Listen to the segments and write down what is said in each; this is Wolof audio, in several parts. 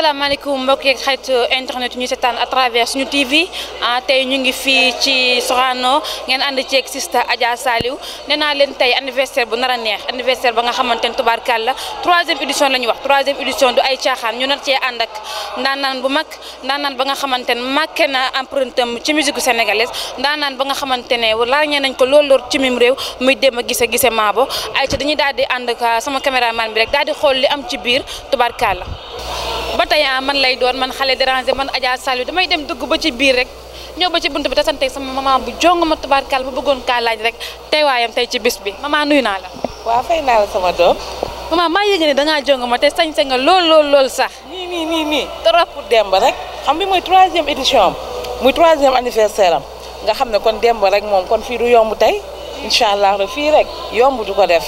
asalaamaaleykum mbokk yeeg xarit internet ñu seetaan à travers suñu TV ah, tey ñu ngi fii ci Sorano ngeen ànd ceeg sista Adja Saliou nee leen tey anniversaire bu nar a neex anniversaire ba nga xamante ne tubaarkàlla troisième édition la ñu wax troisième édition du ay caaxaan ñu nar cee ànd ak ndaanaan bu mag ndaanaan ba nga xamante ne marqué na empreinte am ci musique sénégalaise ndaanaan ba nga xamante ne ràññee nañ ko loolu lool ci mim réew muy dem gise gise maabo ay dañuy daal di ànd ak ah, sama caméraman bi rek daal di xool li am ci biir tubaarkàlla ba tey ah man lay doon man xale déranger man Adja Saliou damay dem dugg ba ci biir rek ñëw ba ci bunt bi tasante sama maman bu jong ma tubaarkaal ma bëggoon kaa laaj rek te teewaayam tey ci bis bi maman nuyu naa la. waaw fay naa la sama doom. maman maa yëg ne da ngaa jong ma te sañse nga lool lool lool sax. nii nii nii nii trop demb rek xam bi mooy troisième édition am muy troisième anniversaire am nga xam ne kon demb rek moom kon fii du yomb tey incha allah fii rek yomb du ko def.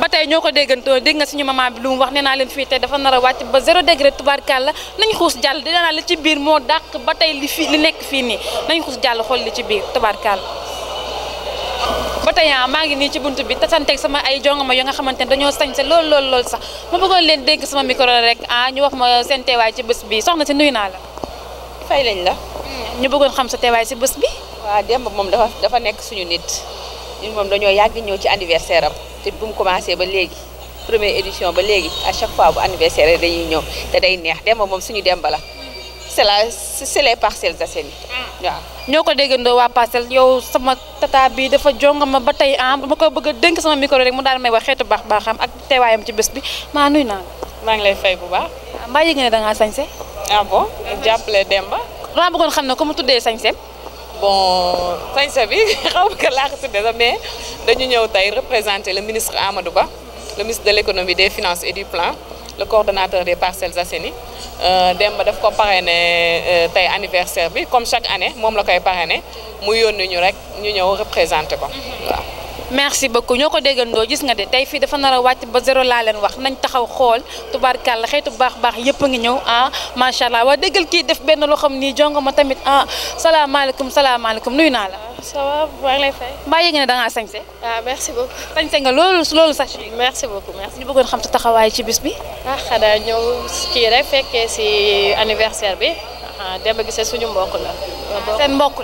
ba tey ñoo ko déggantoo dégg nga suñu maman bi lu mu wax nee naa leen fii tey dafa nar a wàcc ba zéro degré tubaarkàlla nañ xuus jàll dinaa naa la ci biir moo dàq ba tey li fii li nekk fii nii nañ xuus jàll xool li ci biir tubaarkàlla ba ah, maa ngi nii ci buntu bi te santeeg sama ay jongama yo nga xamante ne dañoo sañse lool lool lool sax ma bëggoon leen dégg sama micro rek ah ñu wax ma seen ci bés bi soxna si nuyu naa la. fay lañ la. Hmm, ñu bëggoon xam sa teewaay si bés bi. waaw demb moom dafa dafa nekk suñu nit. ñun moom dañoo yàgg ñëw ci anniversaire am te bu mu commencé ba léegi premier édition ba léegi à chaque fois bu anniversaire dañuy ñëw te day neex Demba moom suñu Demba la c'est la c'est les Parcelles Assainies ah. waaw ñoo ko déggandoo waa Parcelles yow sama tata bi dafa jongama ba tey am ah, ma ko bëgg a dénk sama mu daal may wax xeetu baax baaxam ak teewaayam ci bés bi maa nuy naa maa ngi lay fay bu baax mbaa yëg nga ne da sañse ah bon jàppale Demba dama bëggoon xam ne ko mu tuddee sañse bon sañse bi xaw ma ko laa ko tuddee mais dañu ñëw tey représenter le ministre Amadou Ba le ministre de l'économie des finances et du plan le coordonnateur des Parcelles Assainies euh, Demba daf ko parrainer euh, tey anniversaire bi comme chaque année moom la koy parrainer mu yónni ñu rek ñu ñëw représenter ko mhm. waaw. merci beaucoup ñoo ko déggandoo gis nga de tey fii dafa nar a wàcc ba zéro laa leen wax nañ taxaw xool tubaarkàlla xeetu baax baax yëpp a ngi ñëw ah macha allah waa déggal kii def benn loo xam nii jongama ma tamit ah salaamaaleykum salaamaaleykum nuyu naa la. ça va maa ngi lay fay. mbaa yëg ne da ngaa sañse. ah nga loolu loolu sax. merci beaucoup merci. ñu bëggoon xam sa taxawaay ci bis bi. ah xanaa ñëw kii rek fekkee si anniversaire bi. ah Demba suñu mbokk la. mbokk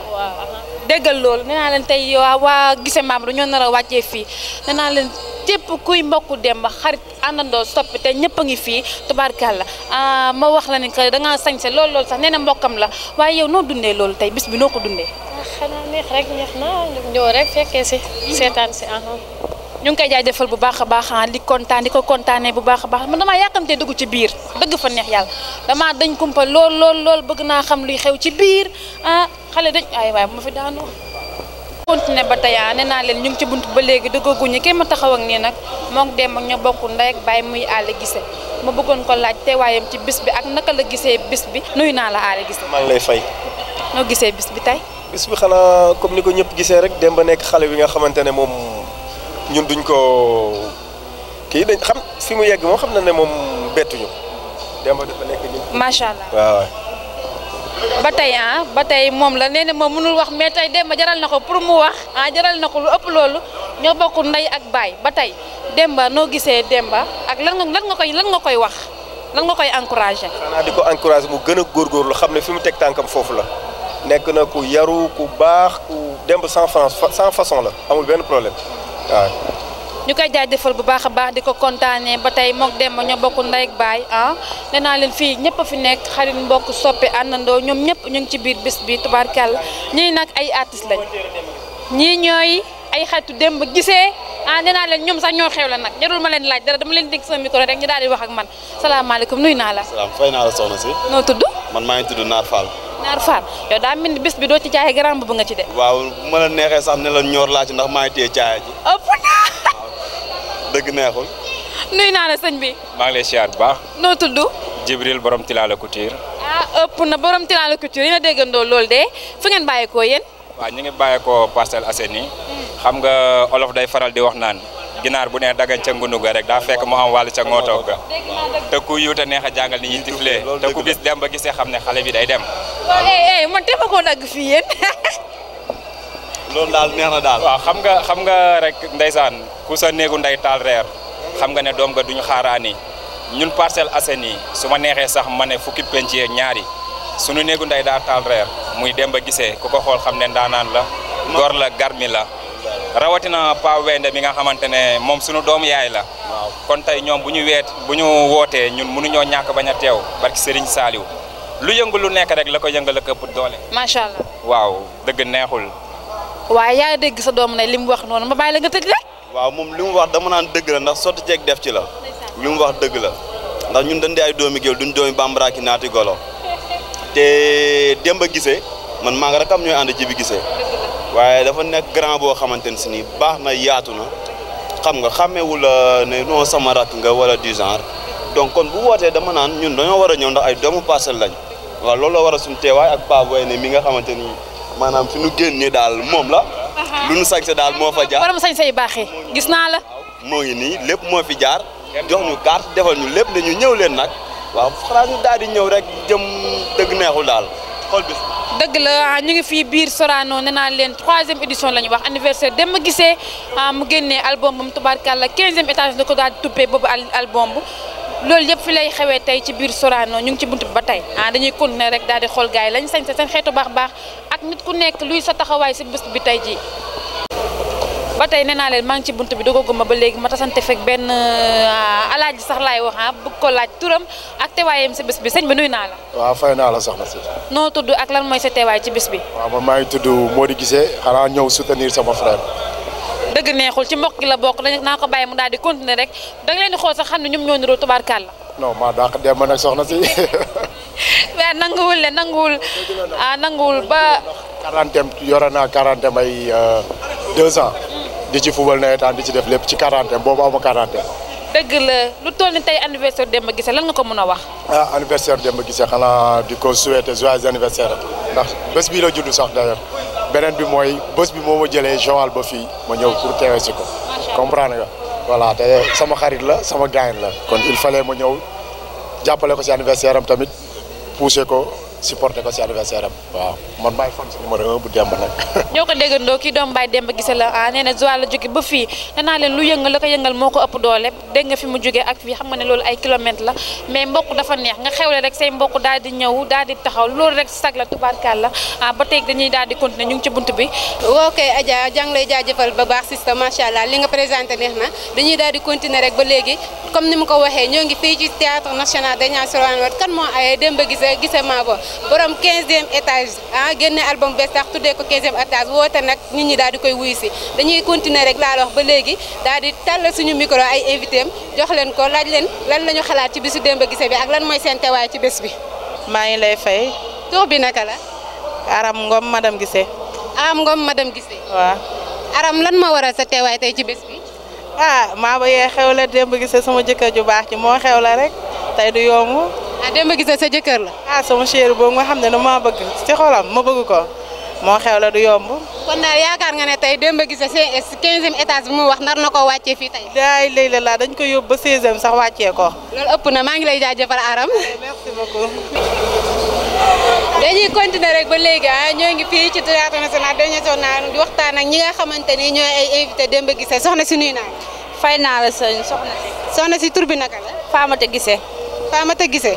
déggal loolu nee naa leen tey waaw waa gise maam lu ñoo nar a wàccee fii nee naa leen képp kuy mbokku Demba xarit àndandoo soppi te ñëpp a ngi fii tubaarkàlla ah, ma wax la ne que da ngaa sañse loolu loolu sax nee na mbokkam la waaye yow noo dundee loolu tey bis bi noo ko dundee. Ah, xanaa neex rek neex na ñëw rek fekkee si seetaan si ñu ngi koy jaajëfal bu baax a baax ah, di kontaan di ko kontaanee bu baax a baax man damaa yàkkamtee dugg ci biir dëgg fa neex yàlla damaa dañ kumpa lool lool lool bëgg naa xam luy xew ci biir ah xale dañ ay waay bu fi daanoo continué ba tey ah, nee naa leen ñu ngi ci bunt ba léegi dëggaguñu kenn ma taxaw ak nii nag moom dem ak ñoo bokk ndey ak bàyyi muy àll gise ma bëggoon ko laaj teewaayam ci bis bi ak naka la gisee bis bi nuyu naa la àll gise maa ngi lay fay noo gisee bis bi tey bis bi xanaa comme ni ko ñëpp gisee rek dem ba nekk xale bi nga xamante ne moom ñun duñ ko kii dañ xam fi mu yegg moom xam na ne moom bettuñu Demba dafa nekk ñun. macha allah waaw. ba tey ah ba tey moom la nee na moom mënul wax mais tey Demba jaral na ko pour mu wax ah, jaral na ko lu ëpp loolu ñoo bokk ndey ak baay ba tey Demba noo gisee Demba ak lan nga lan nga koy lan nga koy wax lan nga koy encouragé. xanaa di ko encouragé mu gën a góorgóorlu xam ne fi mu teg tànkam foofu la nekk na ku yaru ku baax ku Demba sans France sans façon la amul benn problème. waaw. ñu koy defal bu baax a baax di ko kontaanee ba tey mook dem ñoo bokk ndey ak baay ah nee naa leen fii ñëpp a fi nekk xarit mbokk soppe àndandoo ñoom ñëpp ñu ngi ci biir bis bi tubaarkàlla ñii nag ay artistes lañ ñii ñooy ay xaritu démb gisee ah nee naa leen ñoom sax ñoo xew la nag jarul ma leen laaj dara dama leen dégg sama micro rek ñu daal di wax ak man salaamaaleykum nuyu naa la. salaam fay naa la soxna si. noo tudd. man maa ngi tudd Naar Fall. naar faar yow daa mel ni bés bi doo ci caaya grand bu nga ci de. waaw ma la neexee sax ne la ñor laa ndax maa ngi téye caaya ji. ëpp naa. dëgg neexul. nuyu naa la sëñ bi. maa ngi lay siyaar bu baax. noo tudd. Jibril borom Tilala Couture. ah ëpp na borom Tilala Couture yi nga déggandoo loolu de fu ngeen bàyyeekoo yéen. waaw ñu ngi bàyyeekoo Parcelles Assainies. Hmm. xam nga olof day faral di wax naan. ginaar bu ne daggañ ca ngunu ga rek daa fekk mu am wàll ca ngootoog ga te ku yuute neex a jàngal ni ñuy tiflee te ku gis dem ba gisee xam ne xale bi day dem waaw eh, eh, man te fa ko dagg fii yéen loolu daal neex na daal xam nga xam nga rek ndeysaan ku sa néegu ndey taal reer xam nga ne doom nga duñu xaaraani ñun Parcelles Assainies su ma neexee sax ma ne fukki penc yeeg ñaari suñu néegu ndey daa taal reer muy dem ba gisee ku ko xool xam ne ndaanaan la gor la garmi la rawatina Pa Wende mi nga xamante ne moom sunu doom yaay la. kon tey ñoom bu ñu weet bu ñu wootee ñun mënuñoo ñàkk bañ a teew barki Serigne saaliw lu yëngu lu nekk rek la ko yëngal ak ëpp doole. macha allah waaw dëgg neexul. waaye yaa dégg sa doom ne li mu wax noonu ma la nga tëj rek. waaw moom li mu wax dama naan dëgg la ndax sotti ceeg def ci la. li mu wax dëgg la ndax ñun dañ di ay doomi géwél duñ doomi bambara ki naati golo te Demba Gisee man maa nga rakam ñooy ànd ji bi gisee. waaye dafa nekk grand boo xamante ne si nii baax na yaatu xam nga xàmmewul euh, ne non sama rakk nga wala du genre donc kon bu wootee dama naan ñun dañoo war a ñëw ndax ay doomu Parcelles lañ waaw loolu war a suñu teewaay ak Paa Boy ne mi nga xamante ni maanaam fi ñu génnee daal moom la. lu nu sañse daal moo fa jaar. borom sañse yu baax yi gis naa la. moo ngi nii lépp moo fi jaar jox ñu carte defal ñu lépp dañu ñëw leen nag waaw xanaa ñu daal di ñëw rek jëm dëgg neexul daal xool bis dëgg la ah, ñu ngi fii biir soraano nee naa leen troisième édition la ñu wax anniversaire Demba gisee ah, mu génnee album bam tubaarkàlla quinzième étage da ko daal di tuppee boobu album bu loolu yëpp fi lay xewee tey ci biir Sorano ñu ngi ci buntu ba tey ah dañuy continuer rek daal di xool gaa yi lañ sañ seen xeetu baax baax ak nit ku nekk luy sa taxawaay si bés bi tey jii ba tey nee naa leen maa ngi ci bunt bi dugaguma ba léegi ma tasante fekk benn a euh, alaaji sax laay wax ah bëgg ko laaj turam ak teewaayam si bés bi sëñ bi nuyu naa la. waaw fay naa la soxna si. noo tudd ak lan mooy sa teewaay ci bés bi. waaw maa ngi tudd Modou Guissé xanaa ñëw soutenir sama frère. dëgg neexul ci mbokk la bokk dañ naa ko bàyyi mu daal di continuer rek da nga leen di xool sax xam ne ñoom ñoo niroo tubaarkàlla. non maa dàq dem ma nag soxna si. waaw nanguwul le nanguwul ah ba. quarantaine yore naa quarantaine ay euh, deux ans. di ci fubal nawetaan di ci def lépp ci quarantaine boobu ama quarantaine dëgg la lu toll ni tey anniversaire Demba Guissé lan nga ko mën a wax. ah anniversaire Demba Guissé xanaa di ko souhaiter joyeux anniversaire rek ndax bés bi la judd sax d'ailleurs beneen bi mooy bés bi moo ma jëlee Joal ba fii ma ñëw pour teewee si ko. comprendre nga voilà te sama xarit la sama gaañ la. kon il fallait ma ñëw jàppale ko si anniversaire am tamit pousser ko. supporté ko si adversaire am waaw man maay fan si numéro 1 bu demb nag. la ah nee na la jóge ba fii nee naa leen lu yëngal la ko yëngal moo ko ëpp doole dégg nga fi mu jógee ak fii xam nga ne loolu ay kilomètres la mais mbokk dafa neex nga xewle rek say mbokk daal di ñëw daal di taxaw loolu rek sag la tubaarkaal la ah ba tey dañuy daal di continuer ñu ngi ci bunt bi. ok Adja jàng lay jaajëfal ba baax sista macha allah li nga présenté neex na dañuy daal di continuer rek ba léegi comme ni mu ko waxee ñoo ngi fii ci théâtre national Daniel borom 15 étage ah génne album bees sax tuddee ko 15e étage woote nag nit ñi daal di koy wuy si dañuy continuer rek laa la ba léegi daal di tàll suñu micro ay invité am jox leen ko laaj leen lan la ñu xalaat ci bisu Demba Guissé bi ak lan mooy seen ci bés bi. maa ngi lay fay. tur bi naka la. Aram Ngom madame Guissé. Aram Ngom madame Guissé. waaw. Aram lan ma waral sa teewaay tey ci bés bi. ah maa ba yee xew la Demba Guissé sama jëkkër ju baax ci moo xew la rek tey du yomb. ah Demba Guissé sa jëkkër la. ah cher boobu nga xam ne dama bëgg ci xolam ma bëgg ko moo xew la du yomb. kon daal yaakaar nga ne tey Demba Guissé seen quinzième étage bi mu wax nar na koo wàccee fii tey. daay laa dañ ko yóbbu ba seizième sax wàccee ëpp na maa ngi lay jaajëfal Aram. Eh, merci beaucoup. dañuy continuer rek ba léegi ah ngi fii ci théâtre national dañoo soog naa di waxtaan ak ñi nga xamante ni ñooy ay invité Demba Guissé soxna si nuy naa. fay naa la sëñ soxna si. soxna si tur bi naka la. Faamata Guissé. a Gise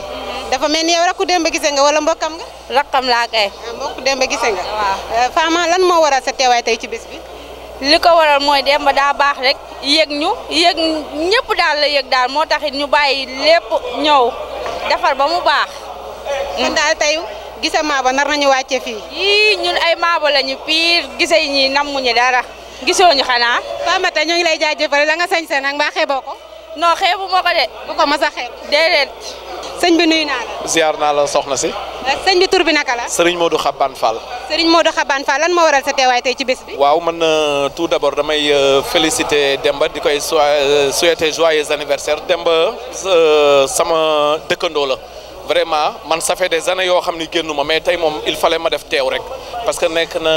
dafa mel ni yow dem ba Gise nga wala mbokkam nga. rakkam laa kay. Ah, mbokku Demba Gise nga. Eh, lan moo waral sa teewaay tey ci bis bi. li ko waral mooy Demba daa baax rek yëg ñu yëg daal la daal moo taxit ñu bàyyi lépp ñëw defar ba mu baax. kon daal tey gise maaba nar nañu wàcce fii. yii ñun ay maaba lañu piir gise ñi nammuñu dara gisoo ñu xanaa. Faamata ñu ngi lay jaajëfal la nga sañ sa nag mbaa ko. non xeebu ma ko de. bu ko mas a xeeb. déedéet. sëñ bi nuyu naa la. ziar naa la soxna si. Eh, sëñ bi tur bi naka la. Serigne Modou Xabane Fall. Serigne Modou Xabane Fall lan moo waral sa teewaay tey ci bés bi. waaw man euh, tout d'abord damay euh, félicité Demba di koy euh, souhaiter joyeux anniversaire Demba sama dëkkandoo la. vraiment man ça fait des années yoo xam ne génnu ma mais tey moom il fallait ma def teew rek parce que nekk na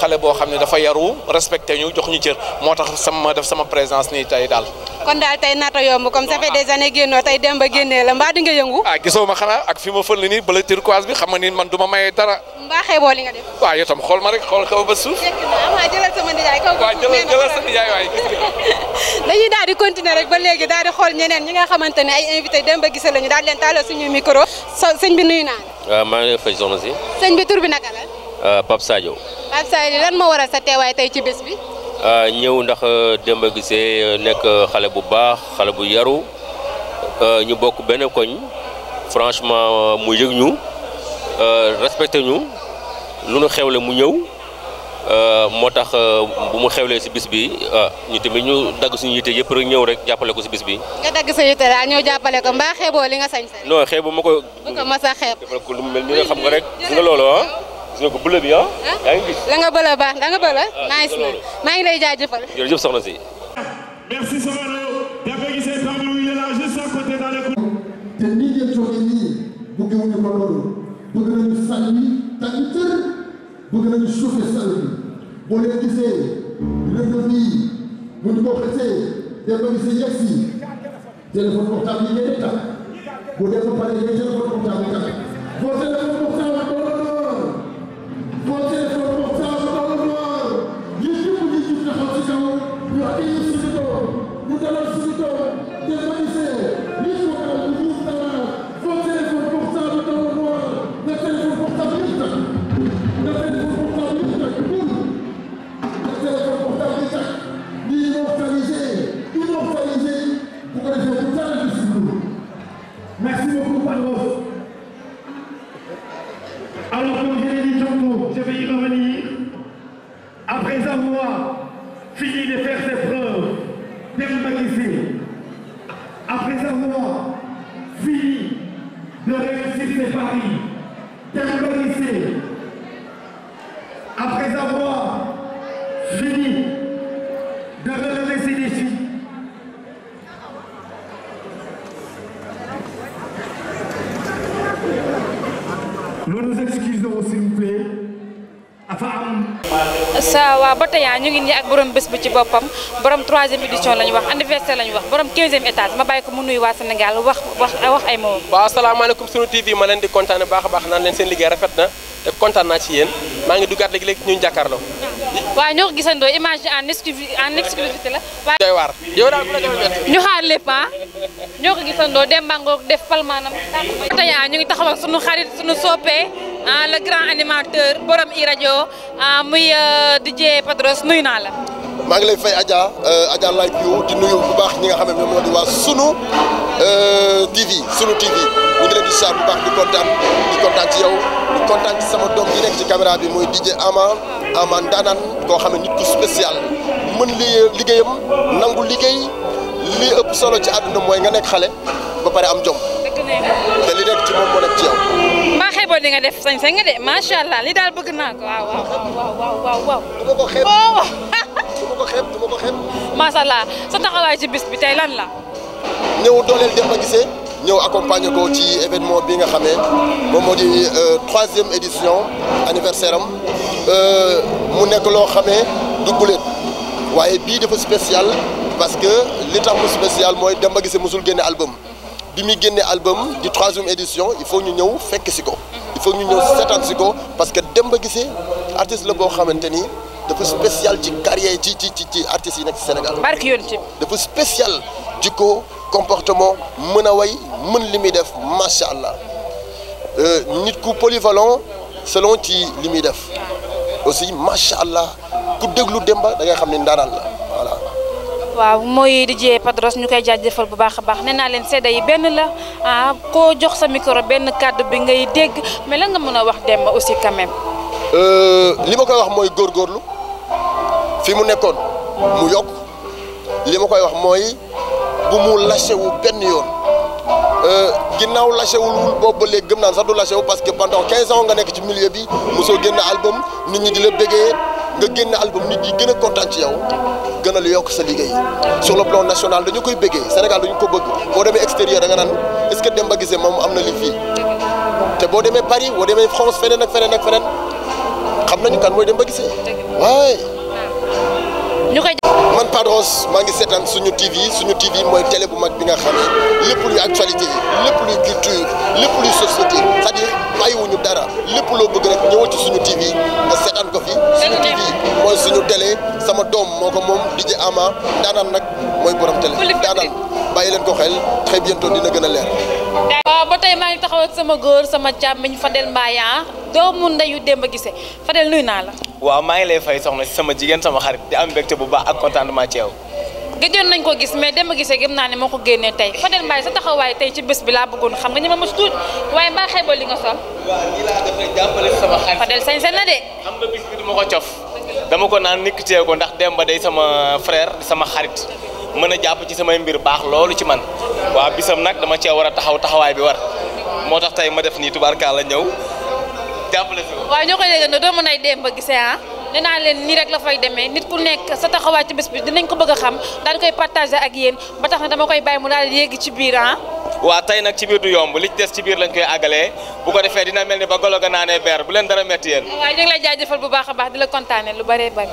xale boo xam ne dafa yaru respecté ñu jox ñu cër moo tax sama def sama présence nii tey daal. kon daal tey naata yomb comme ça fait des années génnoo tey dem ba génnee la mbaa di nga yëngu. ah gisoo ma xanaa ak fi ma fël nii bala turquoise bi def. waaw yow xool ma rek xool xew ba suuf. ma naa waaw jëlal sama nijaay kaw ba suuf nee jëlal sa nijaay waay gis daal di continuer rek ba léegi daal di xool ñeneen ñi nga xamante ne dem ba gisee lañu daal leen taalal suñu so bi nuyu naa la. waaw ah, maa ngi lay si. sëñ bi tur bi naka la. Ah, Pape Sadio. Pape Sadio lan moo waral sa teewaay tey ci bés bi. Ah, ñëw ndax Demba Guissé nekk xale bu baax xale bu yaru ñu bokk benn koñ franchement mu yëg ñu respecté ñu lu nu xewle mu ñëw. Euh, moo tax euh, bu mu xewlee si bis bi ah, ñu tamit ñu dagg suñu yite yëpp rek ñëw rek jàppale ko si bis bi. nga dagg sa yite daal ñëw jàppale ko mbaa xeeboo li nga sañ sa. non xeebu ma ko. bu ko a xeeb defal ko xam nga rek gis nga loolu ah. gis nga ko bële bi ah. yaa ngi gis la nga ah, si. bëgg nañu suufee salle bi boo leen gisee lëndëm yi bu ñu ko xëccee dem ba gis yegg si téléphone portable yi ngay tàkk bu dee ba pare ngay téléphone portable tàkk boo téléphone portable yaa ñu ngi nii ak borom bés bu ci boppam borom troisième édition la ñu wax anniversaire la wax borom quinzième étage ma bàyyi ko mu nuyu waa Sénégal wax wax ay moom waaw asalaamaaleykum sunu TV ma leen di kontaane baax a baax naan leen seen liggéey rafet na te kontaan naa ci yéen maa ngi duggaat léegi léegi ñu jàkkaarloo waaw ñoo ko gisandoo image en en exclusivité la waaye doy waar yow daal ku la doon jot ñu xaar lépp ah ñoo ko gisandoo Demba Ngoog def palmaanam tey ah, ñu ngi ah le grand animateur borom i rajo ah muy euh, DJ Padros nuyu naa la. maa ngi lay fay Adja euh, Adja Live View di nuyu bu baax ñi nga xam ne ñoom di waa sunu euh, TV sunu TV ñu ngi di saa bu baax di kontaan di kontaan ci yow di kontaan ci sama doom yi nekk ci caméra bi mooy DJ Ama Ama Ndaanaan koo xam ne nit ku spécial mën li liggéeyam nangu liggéey li ëpp solo ci àdduna mooy nga nekk xale ba pare am jom te li nekk ci moom moo ci yow. maa xeeboon di nga def sañ-sañ nga de macha allah li daal bëgg naa ko waaw waaw waaw du ma ko xeeb du ma macha allah sa taxawaay ci bis bi tey lan la. ñëw dooleel Demba Guissé ñëw accompagner ko ci événement bi nga xamee moom moo di euh, troisième édition anniversaire am euh, mu nekk loo xamee du guléet waaye bii dafa spécial parce que li tax mu spécial mooy dem Demba Guissé musul génne album. bi muy génne album di troisième édition il faut ñu ñëw fekk si ko. il faut ñu ñëw setan si ko parce que Demba Guissé artiste la boo xamante ni dafa spécial ci carrière ci ci ci ci artistes yi nekk si Sénégal. barke yoon ci dafa spécial jikko comportement mën a way mën li muy def macha allah euh, nit ku polyvalent selon ci li muy def aussi macha allah ku déglu Demba da ngay xam ne ndaanaan la. waaw mooy DJ Padros ñu koy jaajëfal bu baax a baax nee leen sedda yi benn la ah koo jox sa micro benn kàddu bi ngay dégg mais lan nga mën a wax Demba aussi quand même. Euh, li ma koy wax mooy góor góorlu fi mu nekkoon mu yokk li ma koy wax mooy bu mu lâché wu benn yoon euh, ginnaaw lâché wul wul boobu ba léegi gëm naan sax du lâché wu parce que pendant nga nekk ci milieu bi mosoo génn album nit ñi di la bégee. nga génn album nit yi gën a ci yow gën a lu yokk sa liggéey sur le plan national dañu koy bëggee Sénégal dañu ko bëgg boo demee extérieur da nga naan est-ce que Demba gisee moom am na li fii te boo demee Paris boo demee France feneen ak feneen ak feneen xam nañu kan mooy Demba Guissé waaye. man Padros maa ngi seetaan suñu TV suñu TV mooy télé bu mag bi nga xam ne lépp luy actualité yi lépp luy culture lépp luy société c'est-à-dire bàyyiwuñu dara lépp loo bëgg rek ñëwal ci suñu TV nga seetaan ko fi suñu TV mooy suñu télé sama doom moo ko moom DJ Ama daanaan nag mooy borom télé daanaan bàyyi leen ko xel très bientôt dina gën a leer waaw ba tey maa ngi taxaw ak sama góor sama càmmiñ Fadel Mbaye ah. doomu ndeyu Demba Guissé Fadel nuyu naa la. waaw maa ngi lay fay soxna si sama jigéen sama xarit di am mbégte bu baax ak contentement ci yow. gëjoon nañ ko gis mais Demba Guissé gëm naa ne moo ko génnee tey Fadel Mbaye sa taxawaay tey ci bés bi laa bëggoon xam nga ñeme ma ci tuut waaye mbaa xeeboo li nga sol. waaw nii laa dafay na de. xam nga bis bi du ma ko cof. dama ko naan nikk teew ko ndax Demba day sama frère sama xarit mën a jàpp ci samay mbir baax loolu ci man waaw bisam nag dama cee war a taxaw taxawaay bi war moo tax tey ma def nii tubaarkaala ñëw jàppale fi waaw ñoo koy déggandoo doo mën ay dem ba gisee ah nee naa leen nii rek la fay demee nit ku nekk sa taxawaay ci bés bi dinañ bëgg a xam daal di koy partager ak yéen ba tax na dama koy bàyyi mu daal di yéegi ci biir ah waaw tey nag ci biir du yomb li des ci biir lañ koy àggalee bu ko defee dina mel ni ba golo ga naanee beer bu leen dara metti yéen waaw ñu ngi lay jaajëfal bu baax a baax di la kontaane lu bëree bëri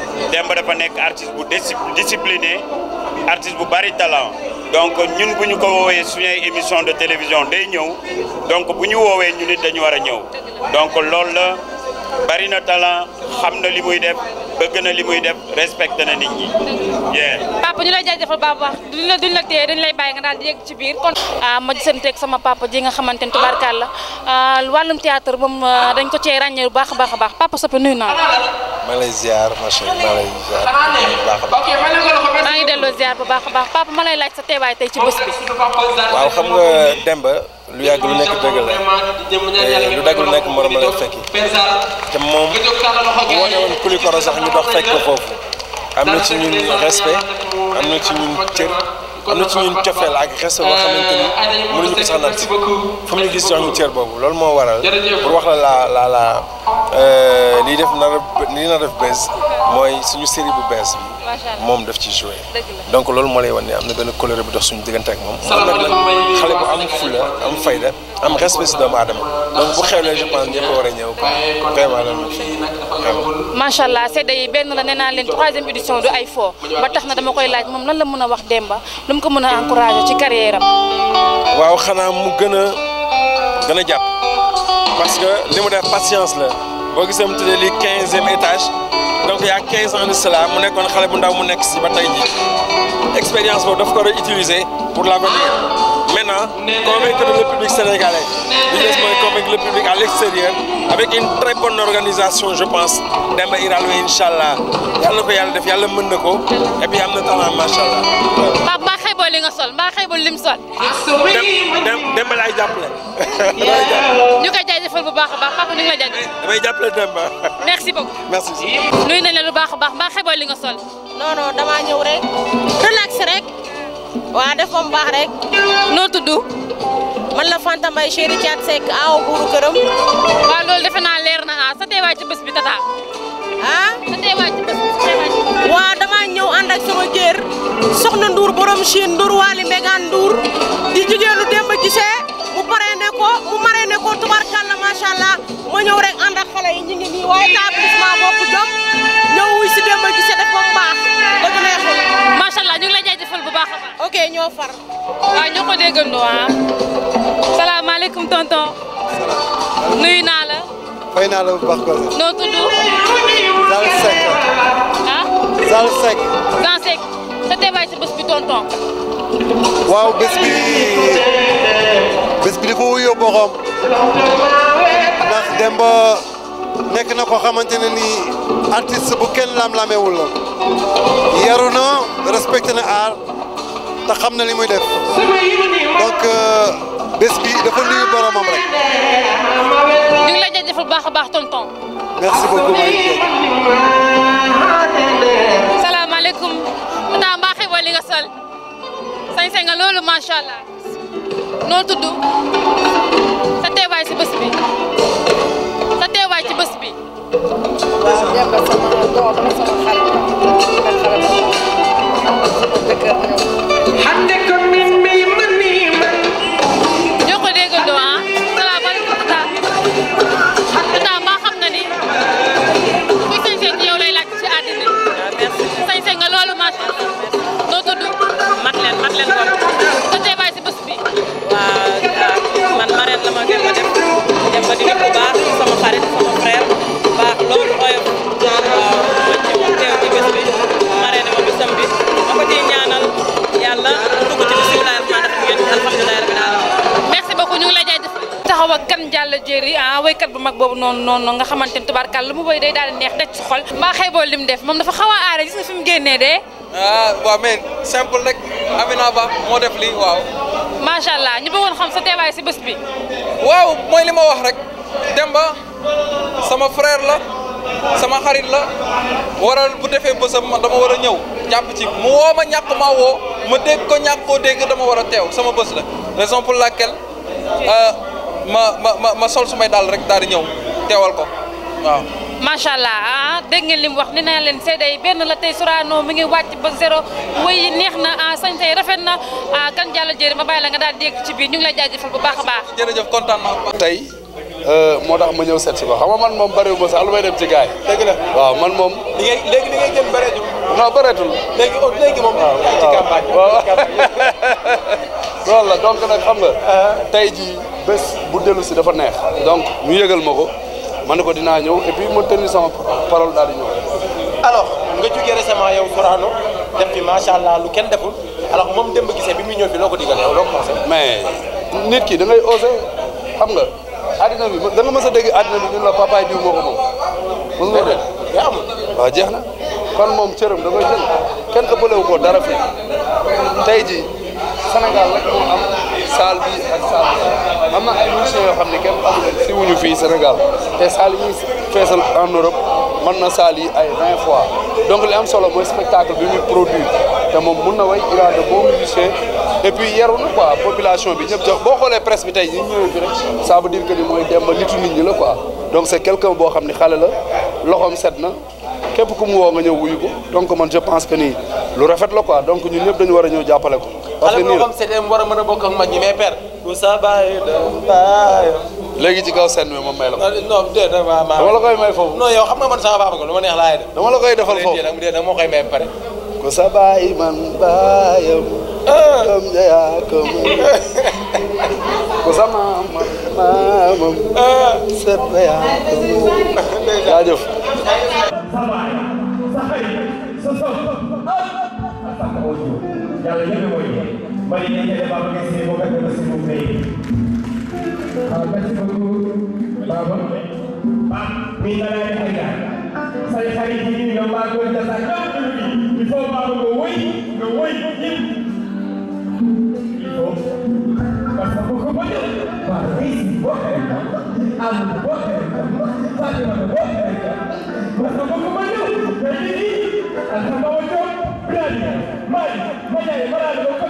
Demba dafa nekk artiste bu discipliné artiste bu bari talent donc ñun bu ñu ko woowee suñuy émission de télévision day ñëw donc bu ñu woowee ñu nit dañu war a ñëw donc loolu la. bari na talent xam na li muy def bëgg na li muy def respecté na nit ñi. papa ñu lay jaajëfal baax baax duñ la duñ la téye dañ lay bàyyi nga daal di yegg ci biir kon. Ah, ma gisanteeg sama papa ji nga xamante ni tubaarkàlla ah, wàllum théâtre moom ah, dañ ko cee ràññee bu baax a baax a baax papa Sopé nuyu naa ma lay ziar macha allah ma lay ziar bu a baax. maa ngi delloo ziar bu baax a baax papa ma lay laaj sa teewaay tey ci bés waaw xam nga Demba. lu yàgg lu nekk dëgg la eh, lu dagg lu nekk morom lay fekki te moom bu woote woon Kulikoro sax ñu dox fekk ko am na ci ñun respect am na ci ñun cër am na ci ñun cofeel ak respect boo xamante ko sax natt fu mu ñu gis jox ñu cër boobu loolu moo waral pour wax la la la la. Euh, lii def nar lii nar def bees mooy suñu série bu bees bi moom def ci joué donc loolu moo lay wan ne am na benn colère bu dox suñu diggante ak moom moom nag mu xale bu am fula am fayda am respect si doomu war a ñëw ko vraiment loolu xew macha allah sedda yi benn la nee naa leen troisième édition du ay fo ba tax na dama koy laaj moom lan la mën a wax Demba lu mu ko mën a encouragé ci carrière am waaw xanaa mu gën a gën a jàpp parce que li mu def patience la boo gisee mu tuddee lii quinzième étage donc y a quinze ans de cela mu nekkoon xale bu ndaw mu nekk si ba tey ji expérience boobu daf ko doon utiliser pour l'avenir maintenant convaincre le public sénégalais li des mooy convaincre le public à l'extérieur avec une très bonne organisation je pense Demba Ira Louye incha allah yàlla na ko yàlla def yàlla mën na ko et puis allah. xeeboo nga sol mbaa xeeboo lim sol. dem dem ba bu baax a baax papa ñu ngi lay jaajëfal. damay merci beaucoup. merci. nuyu lu baax a baax mbaa xeeboo li nga sol. non non damaa ñëw rek. relax rek. waa def ba mu baax rek. noo tudd. man la Fanta Mbaye chéri Thiat Seck aaw buuru këram. waaw loolu defe naa leer na ah sa teewaay ci bés bi tata. ah waaw damaa ñëw ànd ak sama géer soxna Ndour borom Chine Ndour Waly Mbégane Ndour di jigéenu Demba Gisee mu paree ne ko mu maree ne ko tubarkalla macha allah ma ñëw rek ànd ak xale yi ñu ngi nii waaye établissement Bokk Jom ñëw wuy si Demba Gisee def ko baax dëgg neexul. macha allah ñu ngi lay jaajëfal bu baax a baax. ok ñoo far. waaw ñoo ko déggandoo ah. salaamaaleykum tonton. nuyu naa la. fay naa la bu baax. Zal Seck. ah bés bi tonton. waaw bés bi bés bi dafa wuyoo ndax Demba nekk na ko xamante ne ni artiste bu kenn lam-lamewul la yaru na respecté na aar te xam na li muy def donc euh, bés bi dafa nuyu boromam rek. jaajëf bu baax a baax tonton. merci beaucoup Marie. salaamaaleykum. naa mbaa xewal li nga sol. sañse nga loolu macha allah. noo tudd. sa teewaay si bés bi. sa teewaay ci bés bi. waaw Demba sama doom la sama xarit la. wan leen ngor man marraine la ma gën ma dem dem di nit baax sama xarit sama frère baax loolu ma taxaw ak kan jàll jéeri ah waykat bu mag boobu noonu noonu nga xamante ni tubaarkàlla lu mu woy day daal di neex daj ci xol mbaa xëy lim def moom dafa xaw a aare nga fi mu génnee de. ah waaw simple rek. Amina Ba moo def lii waaw. macha allah ñu xam sa teewaay si bés bi. waaw mooy li ma wax rek dem ba sama frère la sama xarit la waral bu defee bésam man dama war a ñëw jàpp ci mu woo ma ñàkk maa woo ma dégg ko ñàkk koo dégg dama war a teew sama bés la raison pour laquelle euh, ma ma ma ma sol sumay daal rek daal di ñëw teewal ko waaw. macha allah ah, dégg ngeen li mu wax nee naa leen seeday benn la tey Sorano mi ngi wàcc ba zéro na ah sañ tey rafet na ah kan jàll jëri ma bàyyi la nga ci biir ñu ngi lay baax a baax. jërëjëf kontaan naa tey euh, moo tax ma ñëw seet si ko xam nga man moom bëriwuma sax lu may dem ci gaay yi. dëgg waaw man moom. li ngay léegi li ngay jëm bëreetul. Oh, la donc nag xam nga. Uh-huh. tey jii bés bu dellu si dafa neex. donc ñu yëgal ma ko ma ne ko dinaa ñëw et puis ma tenir sama parole daal di ñëw. alors nga jógee récemment yow Sorano def fi macha allah lu kenn deful alors moom démb gisee bi muy ñëw fi loo ko digal yow u ko pensé. mais nit ki da ngay osé xam nga àddina bi da nga a dégg àddina bi ñun la papaay diw moo ko moom. mën nga dégg yaa amul waaw jeex na kon moom cëram da ngay jël kenn ëppalewu ko dara fii tey ji Sénégal rek moo am. saal bi ak saal bi am na ay musiciens yoo xam ne kenn xamul si wuñu fii Sénégal te saal yi feesal en Europe man na saal yi ay vingt fois donc li am solo mooy spectacle bi muy produire te moom mun na way il a de bons musiciens et puis yaru population bi ñëpp boo xoolee presse bi tey ñu ñëwee fi rek ça veut dire que ni nit ñi la quoi donc c' est boo xam ne xale la loxoom set na képp ku mu woo nga ñëw wuyu ko donc man je pense que nii lu rafet la quoi donc ñun ñëpp dañu war a ñëw jàppale ko. parce que nii la xale war a mën a bokk ak mag ñi mais père. léegi ci kaw seen bi moom may la ko. non déedéet ma ma dama la koy may foofu. non yow xam nga man sama papa ko lu ma neex laay def. dama la koy defal foofu mu dee da moo koy may pare. ku sa baay man baayam. doom ah. ja yaa ko moom. ku sa maam man maamam. Ah. sët ba yaa ko moom. jaajëf. yàlla bali nañ ne Baba Gueye boo ko defee si moom tey. waaw merci beaucoup Baba. ah muy dalal ay gars. say xarit yi ñu ñoom maa ngi sa il faut Baba nga woy nga woy ñëpp. il faut parce que ko bëgg. waaw day si boo xëy na. am boo xëy na. Fatima boo xëy na. parce que ko bëgg. te lii ak sa mbawu coow. maa ngi ma jaay ma daal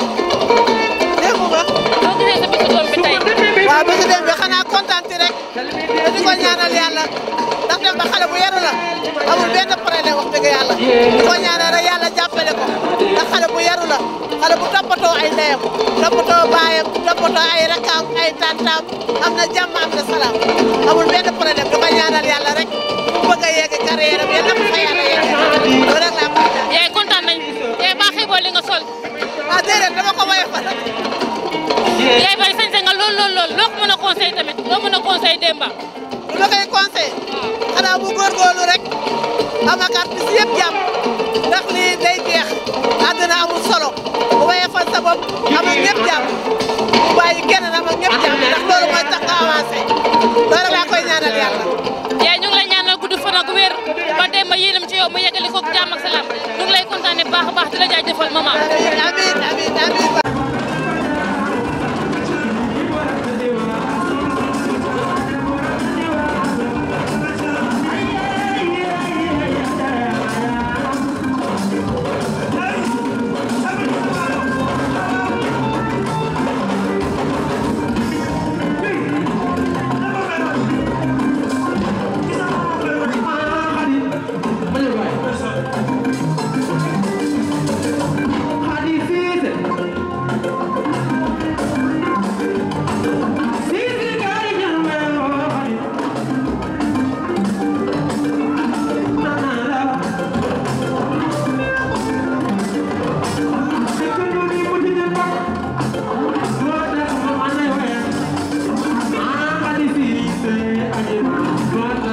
ko ñaanal yàlla ndax dem ba xale bu yaru la amul benn problème wax dëgg yàlla di ñaanal rek yàlla jàppale ko ndax xale bu yaru xale bu toppatoo ay ndeyam toppatoo baayam toppatoo ay rakkaam ay tantaam am na jàmm am na salaam amul benn problème di ko ñaanal yàlla rek bu bëgg a yegg carrière am yàlla bu fa yàlla yeggee loolu rek laa bëgg a nga sol ah déedéet dama ko woyof rek yaay bari sañ-sañ lool lool lool loo ko mën a conseil tamit li ma koy conseil xanaa mu góorgóorlu rek amakat bi si yëpp jàpp ndax lii day jeex àddina amul solo bu bayee fan sa bopp am ak ñëpp jàpp bu bàyyi kenn am ak ñëpp jàpp ndax loolu mooy tax nga avancé loolu laa koy ñaanal yàlla yaay ñu ngi lay ñaanal gudd fan ak wér ba tey ma yéenam ci yow ma yeggali ko jàmm ak salaam ñu ngi lay kontaane baax a baax di la jaajëfal maman amiin amiin amiin but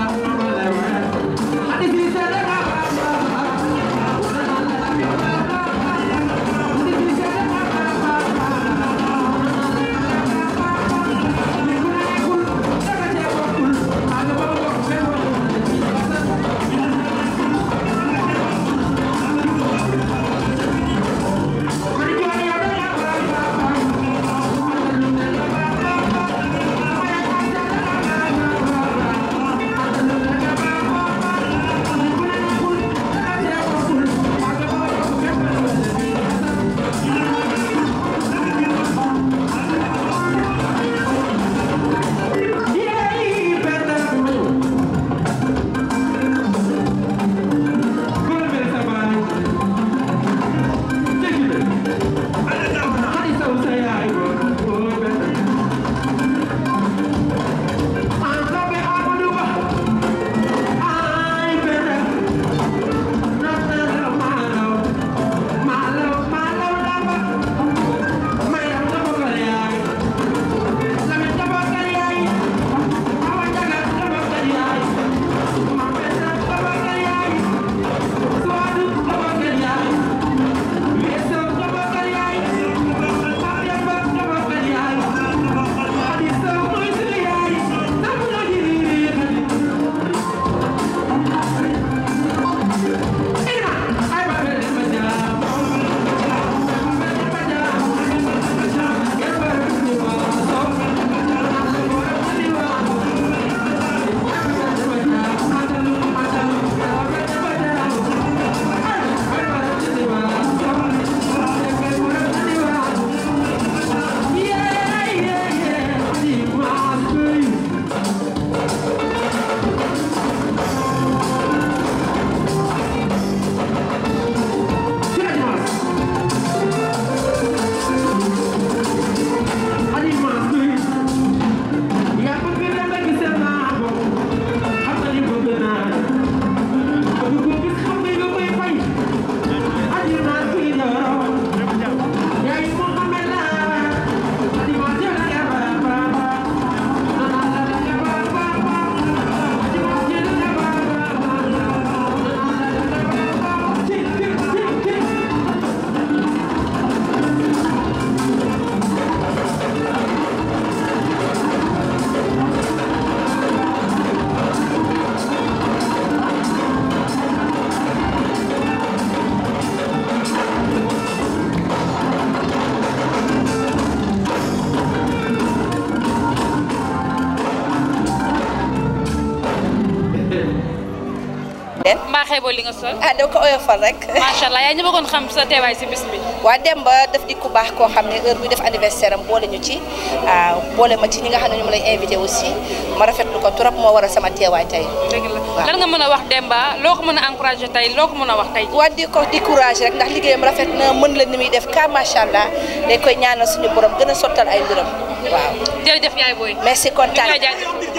li nga sol. ah dama ko oyofal rek. macha allah yaa ñu bëggoon xam sa teewaay si bis bi. waa Demba daf di baax koo xam ne heure buy def anniversaire boole ñu ci ah, boole ma ci ñi nga xam ne ñoom lañ invité aussi ma rafetlu ko trop moo waral sama teewaay tey. dëgg la lan nga mën a wax Demba loo ko mën a encouragé tey loo ko mën a wax tey. waa di ko di courage rek ndax liggéeyam rafet na mën la ni muy def ka macha allah dañ koy ñaanal suñu borom gën a sottal ay mbiram waaw. jërëjëf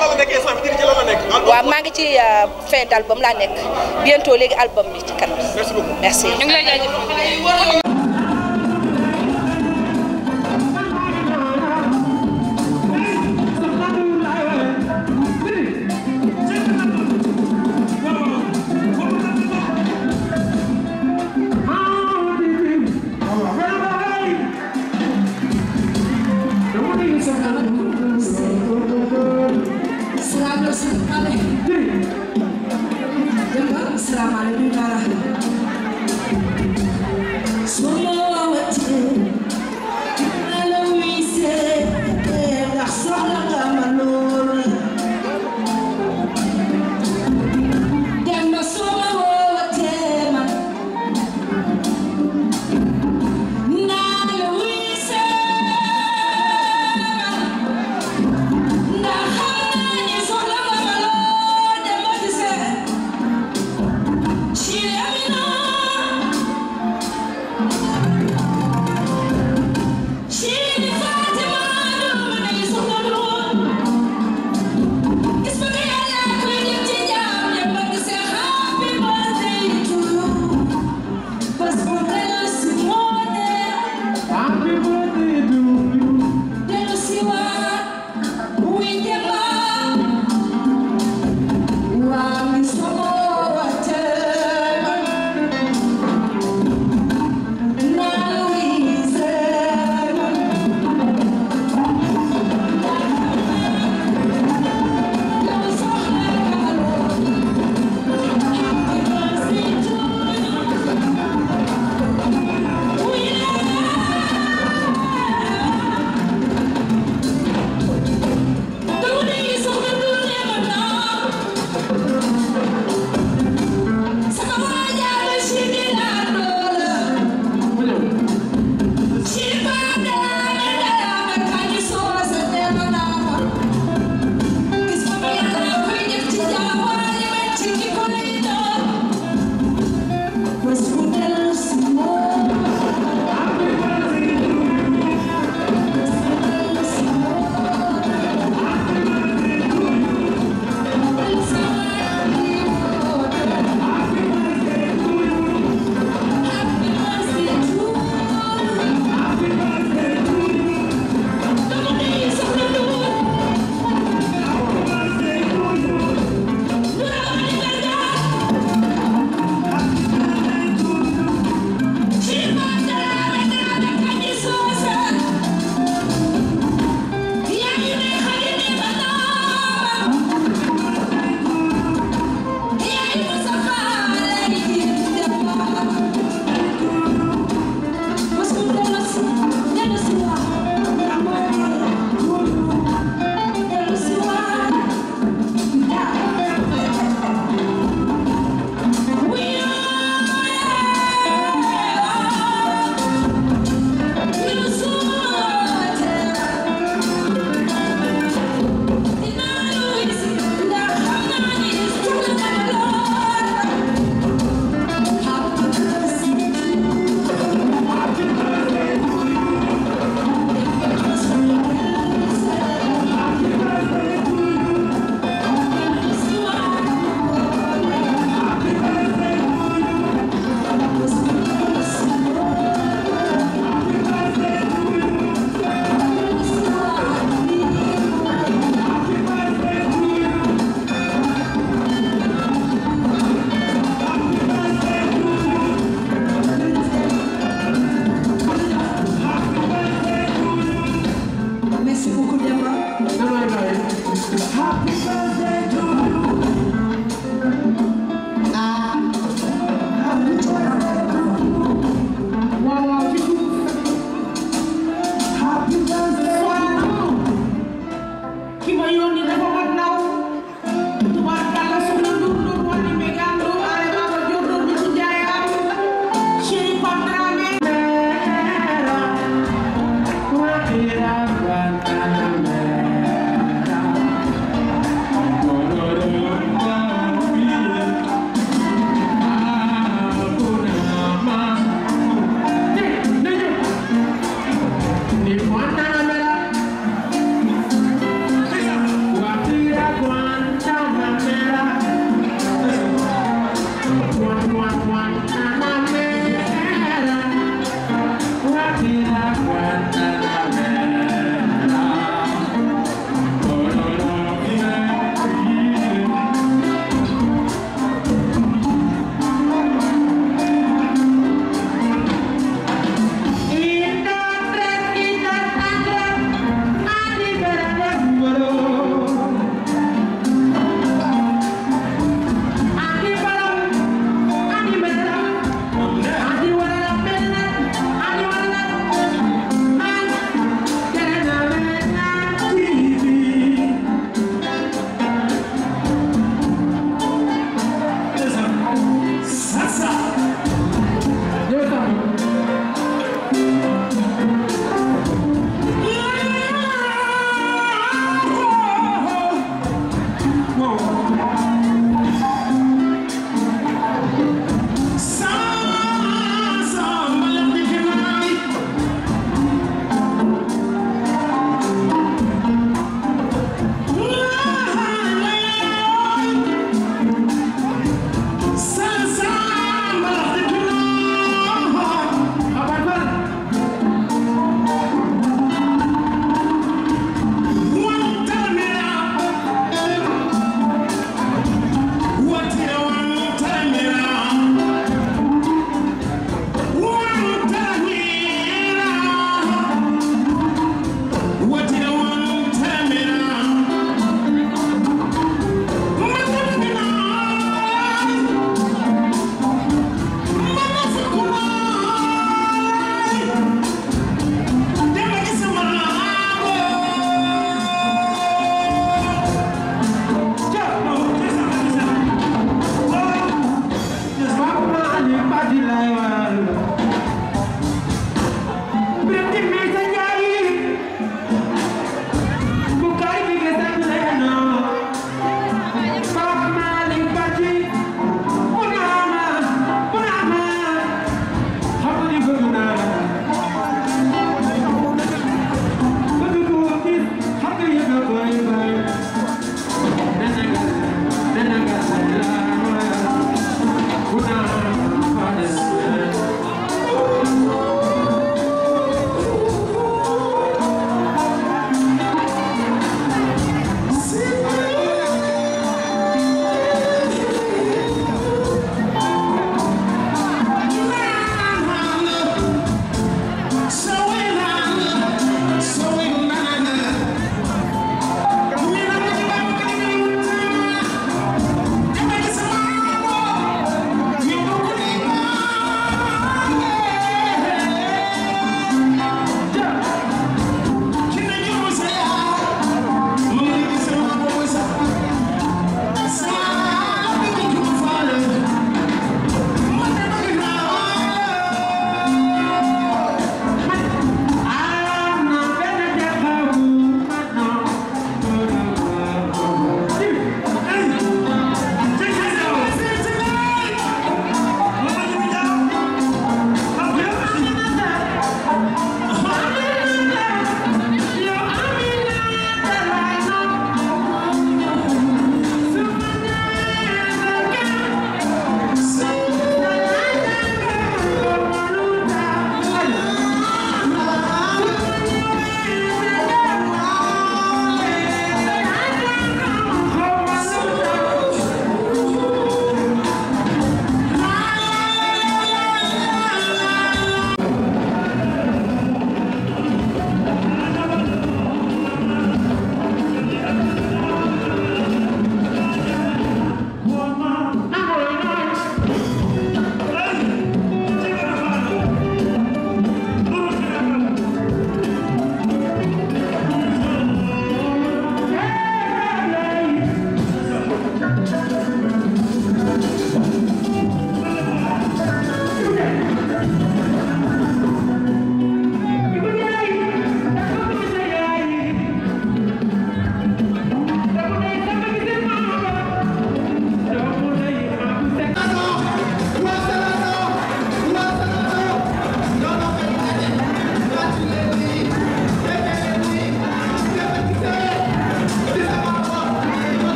waaw maa ngi ci euh, fin d'album laa nekk bientôt léegi album bi ci kanam. merci beaucoup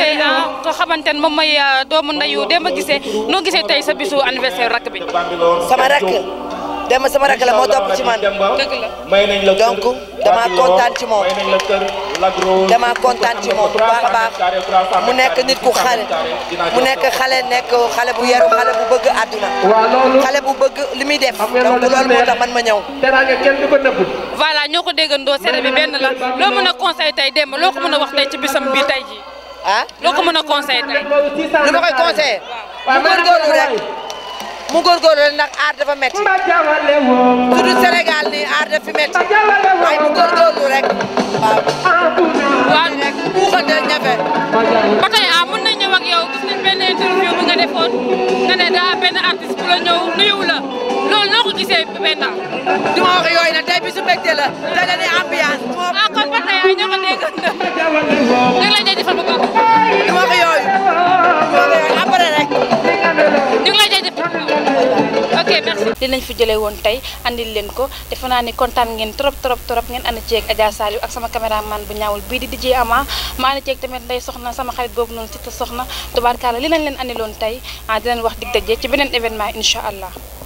gisee ah, nga xamante ne moom mooy ah, doomu ndeyu Demba Guissé noo gisee tey sa bisu anniversaire rakk bi. sama rakk Demba sama rakk la moo topp ci man. dëgg la donc damaa kontaan ci moom damaa kontaan ci moom baax baax mu nekk nit ku xale mu nekk xale nekk xale bu yaru xale bu bëgg àdduna xale bu bëgg li muy def donc loolu moo tax man ma ñëw. voilà ñoo ko déggandoo sere bi benn la loo mën a conseil tey Demba loo ko mën a wax tey ci bisam bii tey jii. ah loo ko mën a conseillé tey. lu ma mu góorgóorlu rek mu góorgóorlu rek ndax aar dafa métti. surtout Sénégal nii aar mu góorgóorlu rek waaw. waaw buuxante interview bi nga defoon nga ne daa benn artiste bu la ñëw nuyu la loolu noo ko gisee benn. du ma wax yooyu nag tey bi su mbégte la da nga ne ambiance. Ah, ko ma wax yooyu. du ma wax yooyu après ñu ngi lay jaajëfal ok merci. li lañ fi jëlee woon tey andil leen ko defe naa ni kontaan ngeen trop trop trop ngeen ànd ceeg Adja Saliou ak sama man bu ñaawul bii di DJ Ama maa ngi ceeg tamit nday soxna sama xarit boobu noonu si ta soxna tubaarkaala li nañ leen andiloon tey ah, di leen wax dig daje ci beneen événement incha allah.